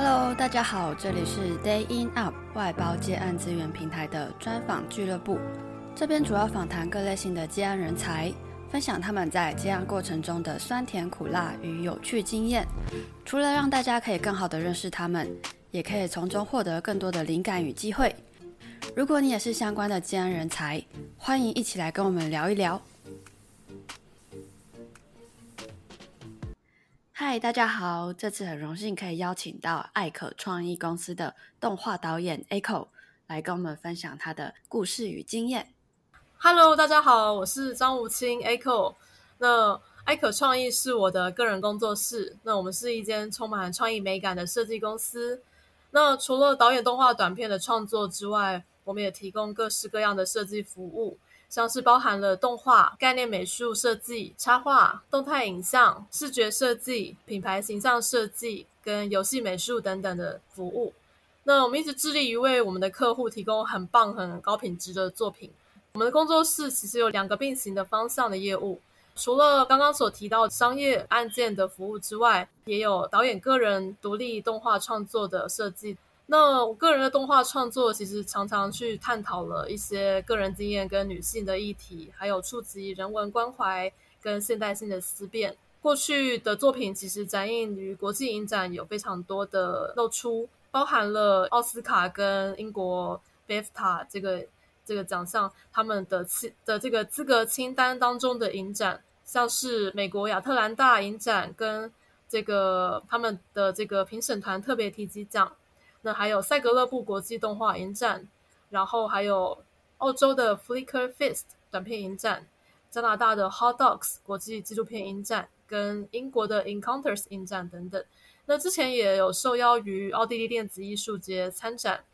Hello，大家好，這裡是 DayinUP 外包接案資源平台的專訪俱樂部。這邊主要訪談各類型的接案人才，分享他們在接案過程中的酸甜苦辣與有趣經驗。除了讓大家可以更好的認識他們，也可以從中獲得更多的靈感與機會。如果你也是相關的接案人才，歡迎一起來跟我們聊一聊。嗨，大家好！這次很榮幸可以邀請到艾可創意公司的動畫導演 Aco 來跟我們分享他的故事與經驗。Hello，大家好，我是張吾青 Aco。那艾可創意是我的個人工作室，那我們是一間充滿創意美感的設計公司。那除了導演動畫短片的創作之外，我們也提供各式各樣的設計服務。像是包含了動畫、概念美術設計、插畫、動態影像、視覺設計、品牌形象設計跟遊戲美術等等的服務。那我們一直致力於為我們的客戶提供很棒、很高品質的作品。我們的工作室其實有兩個並行的方向的業務，除了剛剛所提到的商業案件的服務之外，也有導演個人獨立動畫創作的設計。那我個人的動畫創作，其實常常去探討了一些個人經驗跟女性的議題，還有觸及人文關懷跟現代性的思辨。過去的作品其實展映於國際影展，有非常多的露出，包含了奧斯卡跟英國 BAFTA 這個這個獎項他們的資的這個資格清單當中的影展，像是美國亞特蘭大影展跟這個他們的這個評審團特別提及獎。還有薩格勒布國際動畫影展，然後還有澳洲的 Flickerfest 短片影展，加拿大的 Hot Docs 國際紀錄片影展，跟英國的 Encounters 影展等等。那之前也有受邀於奧地利電子藝術節參展，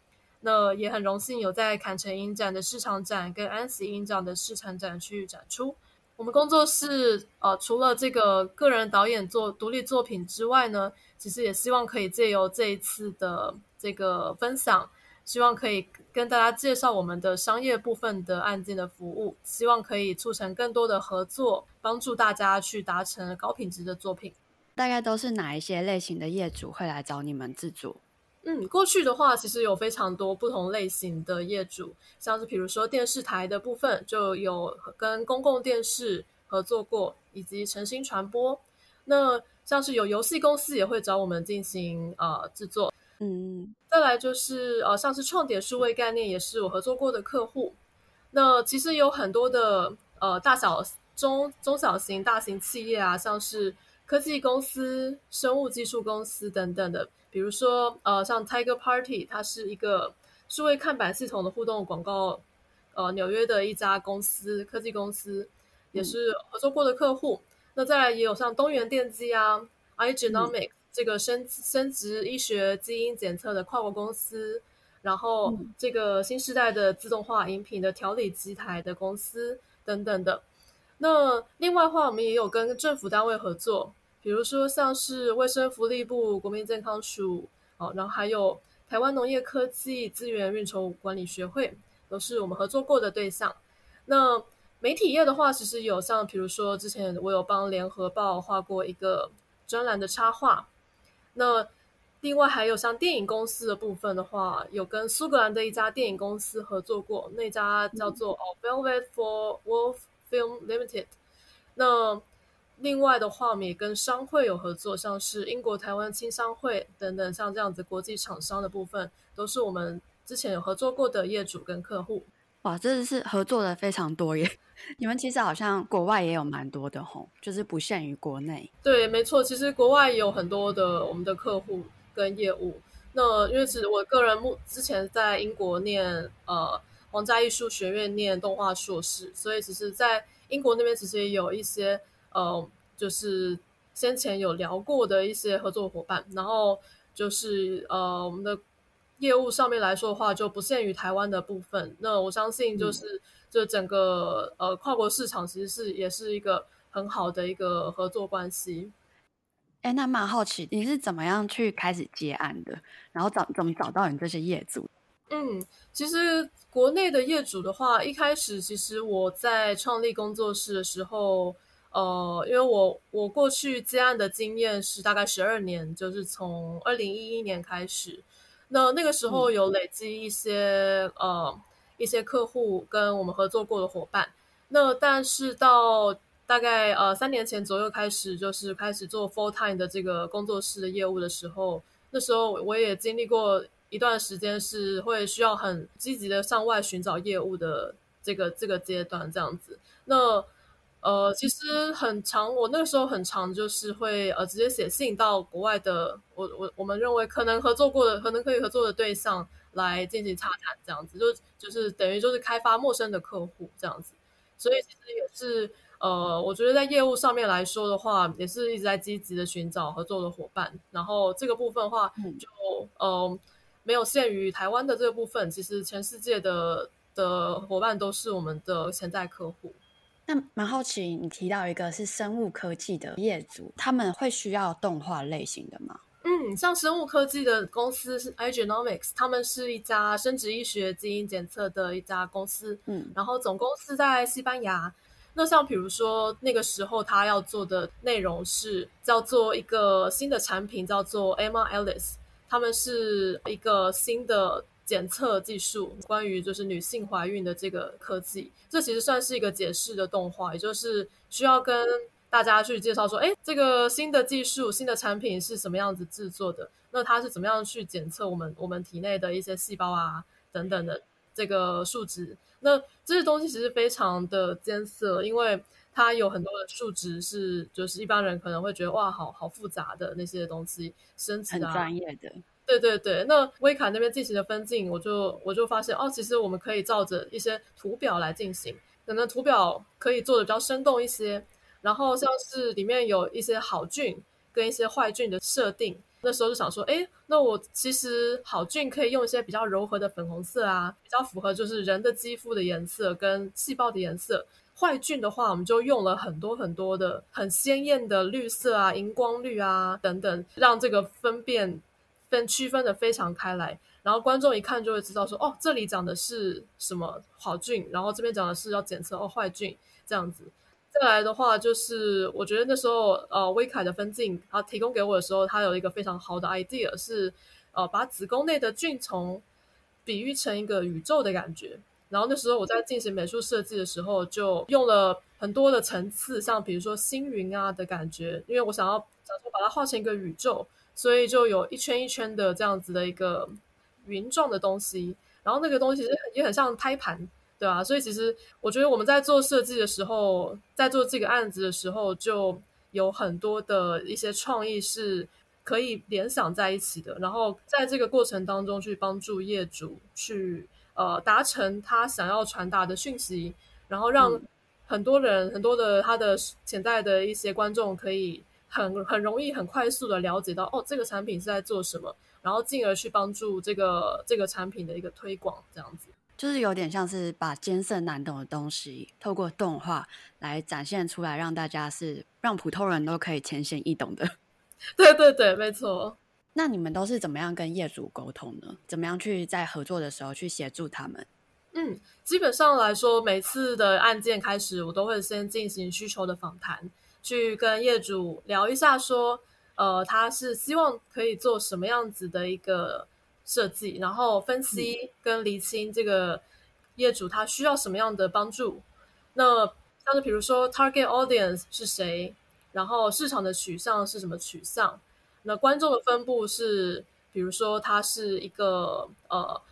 那也很榮幸有在坎城影展的市場展跟安錫影展的市場展去展出。我們工作室呃，除了這個個人導演做獨立作品之外呢，其實也希望可以借由這一次的。這個分享，希望可以跟大家介紹我們的商業部分的案件的服務，希望可以促成更多的合作，幫助大家去達成高品質的作品。大概都是哪一些類型的業主會來找你們製作？嗯，過去的話，其實有非常多不同類型的業主，像是比如說電視台的部分，就有跟公共電視合作過，以及晨星傳播。那像是有遊戲公司也會找我們進行呃制作。嗯，再來就是呃，像是創點數位概念也是我合作過的客戶。那其實有很多的呃，大小中中小型、大型企業啊，像是科技公司、生物技術公司等等的。比如說呃，像 Tiger Party，它是一個數位看板系統的互動廣告，呃，紐約的一家公司，科技公司也是合作過的客戶，嗯。那再來也有像東元電機啊，IGENOMIX。這個生生殖醫學基因檢測的跨國公司，然後這個新時代的自動化飲品的調理機台的公司等等的。那另外的話，我們也有跟政府單位合作，比如說像是衛生福利部國民健康署，哦，然後還有台灣農業科技資源運籌管理學會，都是我們合作過的對象。那媒體業的話，其實有像比如說之前我有幫聯合報畫過一個專欄的插畫。那另外還有像電影公司的部分的話，有跟蘇格蘭的一家電影公司合作過，那家叫做 o Velvet for Wolf Films Limited。那另外的話，我們也跟商會有合作，像是英國台灣青商會等等，像這樣子國際廠商的部分，都是我們之前有合作過的業主跟客戶。哇，真的是合作的非常多耶！你們其實好像國外也有蠻多的吼，就是不限於國內。對，沒錯，其實國外也有很多的我們的客戶跟業務。那因為其實我個人目之前在英國念呃皇家藝術學院念動畫碩士，所以其實在英國那邊其實也有一些呃，就是先前有聊過的一些合作夥伴，然後就是呃我們的。業務上面來說的話，就不限於台灣的部分。那我相信，就是、嗯、就整個呃跨國市場，其實是也是一個很好的一個合作關係。哎、欸，那蠻好奇你是怎麼樣去開始接案的？然後找怎麼找到你這些業主？嗯，其實國內的業主的話，一開始其實我在創立工作室的時候，呃，因為我我過去接案的經驗是大概十二年，就是從二零一一年開始。那那個時候有累積一些、嗯、呃一些客戶跟我們合作過的夥伴，那但是到大概呃三年前左右開始，就是開始做 full time 的這個工作室的業務的時候，那時候我也經歷過一段時間是會需要很積極的向外尋找業務的這個這個階段這樣子。那呃，其實很常，我那個時候很常，就是會呃直接寫信到國外的，我我我們認為可能合作過的、可能可以合作的對象來進行洽談，這樣子就就是等於就是開發陌生的客戶這樣子。所以其實也是呃，我覺得在業務上面來說的話，也是一直在積極的尋找合作的夥伴。然後這個部分的話，嗯、就呃沒有限於台灣的這個部分，其實全世界的的夥伴都是我們的潛在客戶。那蠻好奇，你提到一個是生物科技的業主，他們會需要動畫類型的嗎？嗯，像生物科技的公司是 IGENOMIX，他們是一家生殖醫學基因檢測的一家公司，嗯，然後總公司在西班牙。那像比如說那個時候他要做的內容是叫做一個新的產品，叫做 Emma Alice，他們是一個新的。檢測技術關於就是女性懷孕的這個科技，這其實算是一個解釋的動畫，也就是需要跟大家去介紹說，哎，這個新的技術、新的產品是什麼樣子制作的？那它是怎麼樣去檢測我們我們體內的一些細胞啊等等的這個數值？那這些東西其實非常的艱澀，因為它有很多的數值是就是一般人可能會覺得哇，好好複雜的那些東西，生殖啊。很專業的。對對對，那威卡那邊進行的分鏡，我就我就發現哦，其實我們可以照着一些圖表來進行，可能圖表可以做的比較生動一些。然後像是裡面有一些好菌跟一些壞菌的設定，那時候就想說，哎，那我其實好菌可以用一些比較柔和的粉紅色啊，比較符合就是人的肌膚的顏色跟細胞的顏色。壞菌的話，我們就用了很多很多的很鮮豔的綠色啊、熒光綠啊等等，讓這個分辨，區分得非常開來，然後觀眾一看就會知道說，哦，這裡講的是什麼好菌，然後這邊講的是要檢測哦壞菌這樣子。再來的話，就是我覺得那時候呃，威凱的分鏡他提供給我的時候，他有一個非常好的 idea 是，呃，把子宮內的菌從比喻成一個宇宙的感覺。然後那時候我在進行美術設計的時候，就用了很多的層次，像比如說星雲啊的感覺，因為我想要想說把它畫成一個宇宙。所以就有一圈一圈的這樣子的一個雲狀的東西，然後那個東西也很像胎盤，對吧？所以其實我覺得我們在做設計的時候，在做這個案子的時候，就有很多的一些創意是可以聯想在一起的。然後在這個過程當中，去幫助業主去呃達成他想要傳達的訊息，然後讓很多人、嗯、很多的他的潛在的一些觀眾可以很很容易、很快速的了解到哦，這個產品是在做什麼，然後進而去幫助這個這個產品的一個推廣，這樣子就是有點像是把艱澀難懂的東西透過動畫來展現出來，讓大家是讓普通人都可以淺顯易懂的。對對對，沒錯。那你們都是怎麼樣跟業主溝通呢？怎麼樣去在合作的時候去協助他們？嗯，基本上來說，每次的案件開始，我都會先進行需求的訪談。去跟業主聊一下，說，呃，他是希望可以做什麼樣子的一個設計，然後分析跟理清這個業主他需要什麼樣的幫助。那像是比如說，target audience 是誰，然後市場的取向是什麼取向？那觀眾的分布是，比如說，他是一個呃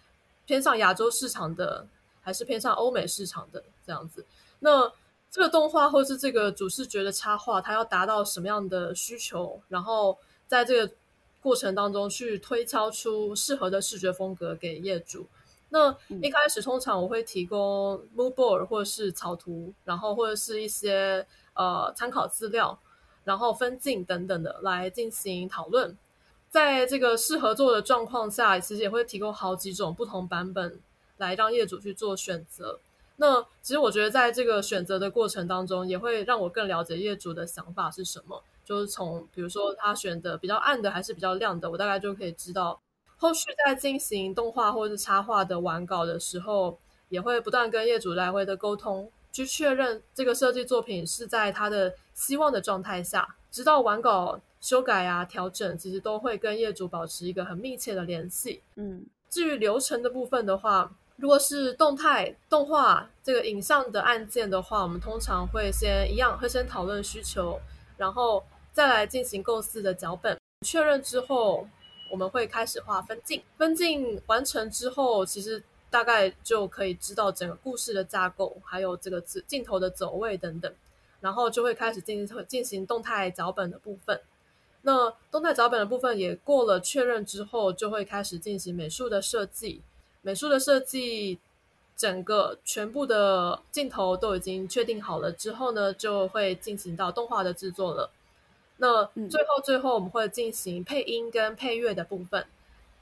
偏向亞洲市場的，還是偏向歐美市場的這樣子？那。這個動畫或是這個主視覺的插畫，它要達到什麼樣的需求？然後在這個過程當中去推敲出適合的視覺風格給業主。那一開始通常我會提供 mood board 或者是草圖，然後或者是一些呃參考資料，然後分鏡等等的來進行討論。在這個適合做的狀況下，其實也會提供好幾種不同版本來讓業主去做選擇。那其實我覺得，在這個選擇的過程當中，也會讓我更了解業主的想法是什麼。就是從比如說他選的比較暗的還是比較亮的，我大概就可以知道，後續在進行動畫或者插畫的完稿的時候，也會不斷跟業主來回的溝通，去確認這個設計作品是在他的希望的狀態下。直到完稿修改啊、調整，其實都會跟業主保持一個很密切的聯繫。嗯，至於流程的部分的話，如果是動態動畫這個影像的案件的話，我們通常會先一樣，會先討論需求，然後再來進行構思的腳本確認之後，我們會開始畫分鏡。分鏡完成之後，其實大概就可以知道整個故事的架構，還有這個鏡頭的走位等等，然後就會開始進進行動態腳本的部分。那動態腳本的部分也過了確認之後，就會開始進行美術的設計。美術的設計，整個全部的鏡頭都已經確定好了之後呢，就會進行到動畫的制作了。那最後最後我們會進行配音跟配樂的部分，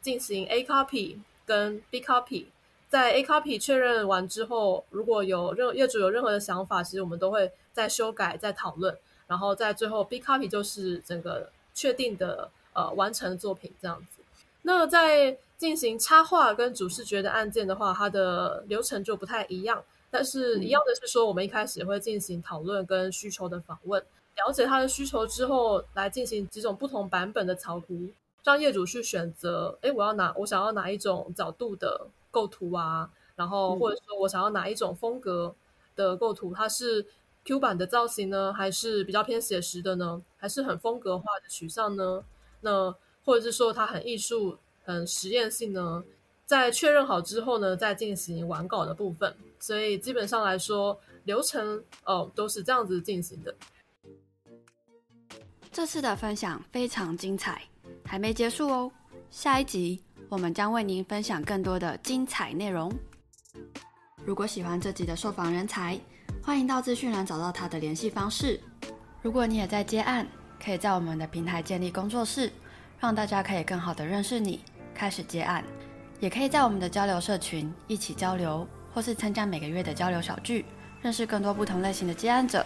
進行 A copy 跟 B copy。在 A copy 確認完之後，如果有任業主有任何的想法，其實我們都會再修改再討論。然後在最後 B copy 就是整個確定的呃、完成的作品這樣子。那在進行插畫跟主視覺的案件的話，它的流程就不太一樣。但是，一樣的是說、嗯，我們一開始會進行討論跟需求的訪問，了解他的需求之後，來進行幾種不同版本的草圖，讓業主去選擇。哎，我要哪，我想要哪一種角度的構圖啊？然後，或者說我想要哪一種風格的構圖、嗯？它是 Q 版的造型呢，還是比較偏寫實的呢？還是很風格化的取向呢？那或者是說，它很藝術？嗯，實驗性呢，在確認好之後呢，再進行完稿的部分。所以基本上來說，流程哦都是這樣子進行的。這次的分享非常精彩，還沒結束哦。下一集我們將為您分享更多的精彩內容。如果喜歡這集的受訪人才，歡迎到資訊欄找到他的聯繫方式。如果你也在接案，可以在我們的平台建立工作室。讓大家可以更好的認識你，開始接案，也可以在我們的交流社群一起交流，或是參加每個月的交流小聚，認識更多不同類型的接案者。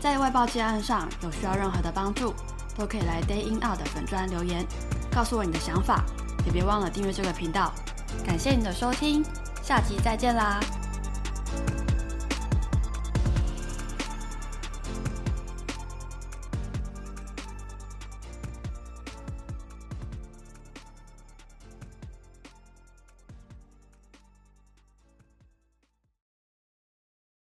在外包接案上有需要任何的幫助，都可以來 DayinUP 的粉專留言，告訴我你的想法，也別忘了訂閱這個頻道。感謝你的收聽，下集再見啦！